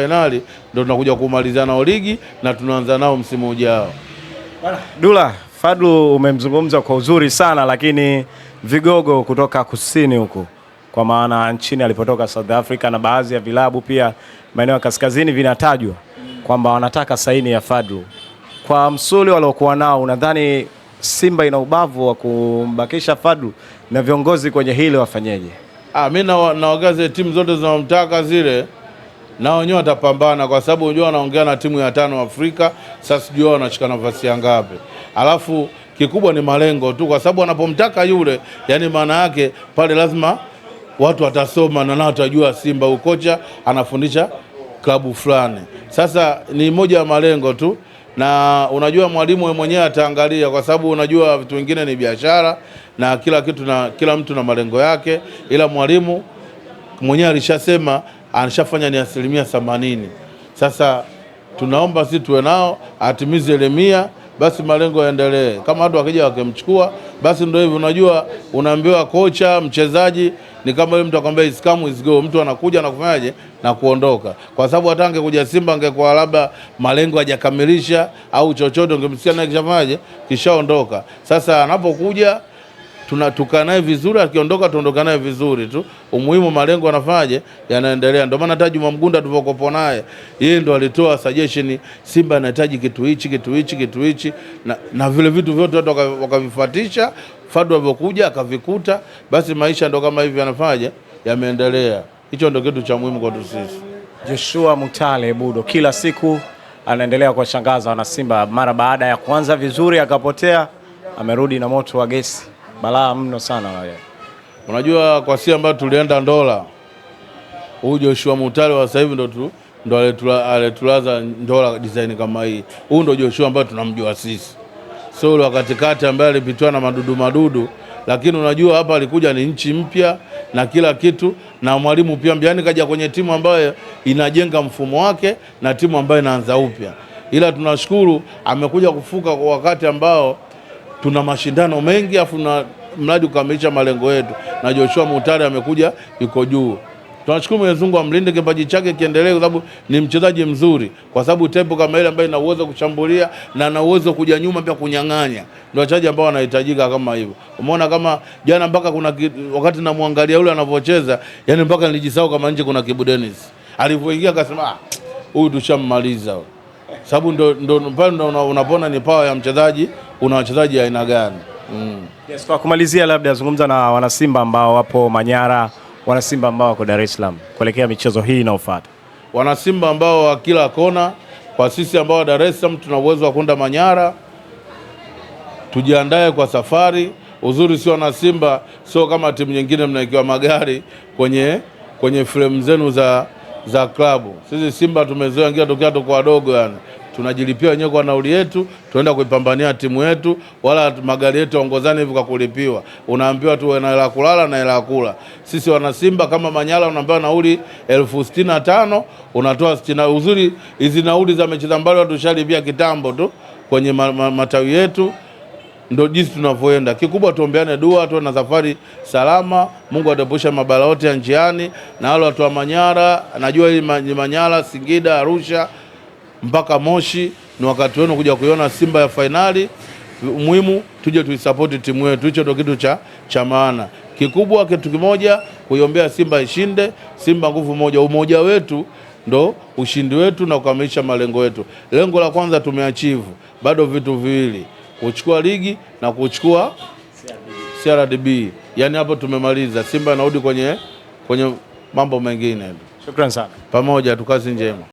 Fainali ndio tunakuja kumaliza nao ligi na tunaanza nao msimu ujao. Dula Fadlu, umemzungumza kwa uzuri sana lakini vigogo kutoka kusini huku kwa maana nchini alipotoka South Africa na baadhi ya vilabu pia maeneo ya kaskazini vinatajwa kwamba wanataka saini ya Fadlu. Kwa msuli waliokuwa nao, unadhani Simba ina ubavu wa kumbakisha Fadlu na viongozi kwenye hili wafanyeje? Ah, mimi na, na wagaze timu zote zinamtaka zile na wenyewe watapambana, kwa sababu unajua wanaongea na timu ya tano Afrika. Sasa sijui wao wanashika nafasi ya ngapi, alafu kikubwa ni malengo tu, kwa sababu anapomtaka yule, yani maana yake pale lazima watu watasoma na nao watajua Simba ukocha anafundisha klabu fulani. Sasa ni moja ya malengo tu, na unajua mwalimu mwenyewe ataangalia, kwa sababu unajua vitu vingine ni biashara na kila kitu na kila mtu na malengo yake, ila mwalimu mwenyewe alishasema anashafanya ni asilimia themanini. Sasa tunaomba sisi tuwe nao, atimize ile mia, basi malengo yaendelee. Kama watu wakija wakimchukua, basi ndio hivyo. Unajua, unaambiwa kocha, mchezaji ni kama yule mtu akwambia is come is go, mtu anakuja na kufanyaje na kuondoka, kwa sababu hata angekuja Simba angekuwa labda malengo hajakamilisha au chochote, ungemsikia naye kishafanyaje, kishaondoka. Sasa anapokuja tunatukaa naye vizuri, akiondoka tuondoka naye vizuri tu. Umuhimu malengo yanafanyaje, yanaendelea. Ndio maana hata Juma Mgunda naye, yeye ndo alitoa suggestion, Simba anahitaji kitu hichi kitu hichi kitu hichi, na, na vile vitu vyote watu wakavifuatisha. Fadu alivyokuja akavikuta, basi maisha ndo kama hivi yanafanyaje, yameendelea. Hicho ndo kitu cha muhimu kwetu sisi. Joshua Mutale Budo kila siku anaendelea kuwashangaza wanasimba. Mara baada ya kuanza vizuri akapotea, amerudi na moto wa gesi balaa mno sana wale. Unajua, kwa si ambao tulienda Ndola, huyu Joshua Mutale wa sasa hivi ndo tu ndo aletulaza Ndola design kama hii. Huyu ndo Joshua ambayo tunamjua sisi, sio ule wakatikati ambaye alipitiwa na madudu madudu, lakini unajua hapa alikuja ni nchi mpya na kila kitu, na mwalimu pia mbiani kaja kwenye timu ambayo inajenga mfumo wake na timu ambayo inaanza upya, ila tunashukuru amekuja kufuka kwa wakati ambao tuna mashindano mengi afu na mradi ukamilisha malengo yetu, na Joshua Mutale amekuja yuko juu. Tunashukuru Mwenyezi Mungu amlinde kipaji chake kiendelee, kwa sababu ni mchezaji mzuri, kwa sababu tempo kama ile ambayo ina uwezo kushambulia na ana uwezo kuja nyuma pia kunyang'anya, ndio wachezaji ambao wanahitajika kama hivyo. Umeona kama jana, mpaka kuna wakati namwangalia yule anavyocheza, yani mpaka nilijisahau kama nje kuna Kibu Dennis alivyoingia, akasema ah, huyu tushammaliza sababu ndo, ndo, ndo unapona ni pawa ya mchezaji, una wachezaji aina gani? mm. Yes, kwa kumalizia, labda zungumza na wanasimba ambao wapo Manyara, wanasimba ambao wako Dar es Salaam kuelekea michezo hii inayofuata, wanasimba ambao wa kila kona. Kwa sisi ambao wa Dar es Salaam tuna uwezo wa kwenda Manyara, tujiandae kwa safari. Uzuri sio wanasimba, sio kama timu nyingine mnaikiwa magari kwenye, kwenye fremu zenu za za klabu. Sisi Simba tumezoea ingia tokea tuko wadogo, yani tunajilipia wenyewe kwa nauli yetu, tunaenda kuipambania timu yetu, wala magari yetu yaongozane hivi kwa kulipiwa. Unaambiwa tu na hela kulala na hela kula. Sisi wana Simba kama manyala unaambiwa nauli elfu sitini na tano unatoa sitini. Uzuri hizi nauli za mechi za mbali watushalipia kitambo tu kwenye matawi yetu. Ndo jinsi tunavyoenda. Kikubwa tuombeane dua, tuwe na safari salama. Mungu atapusha mabala yote ya njiani, na wale watu wa Manyara, najua hii Manyara, Singida, Arusha mpaka Moshi ni wakati wenu kuja kuiona Simba ya fainali. Muhimu tuje tuisapoti timu yetu, hicho ndo kitu cha, cha maana kikubwa. Kitu kimoja kuiombea Simba ishinde. Simba nguvu moja, umoja wetu ndo ushindi wetu na kukamilisha malengo yetu. Lengo la kwanza tumeachivu, bado vitu viwili kuchukua ligi na kuchukua CRDB. Yaani hapo tumemaliza, Simba anarudi kwenye, kwenye mambo mengine. Shukrani sana, pamoja tu, kazi njema.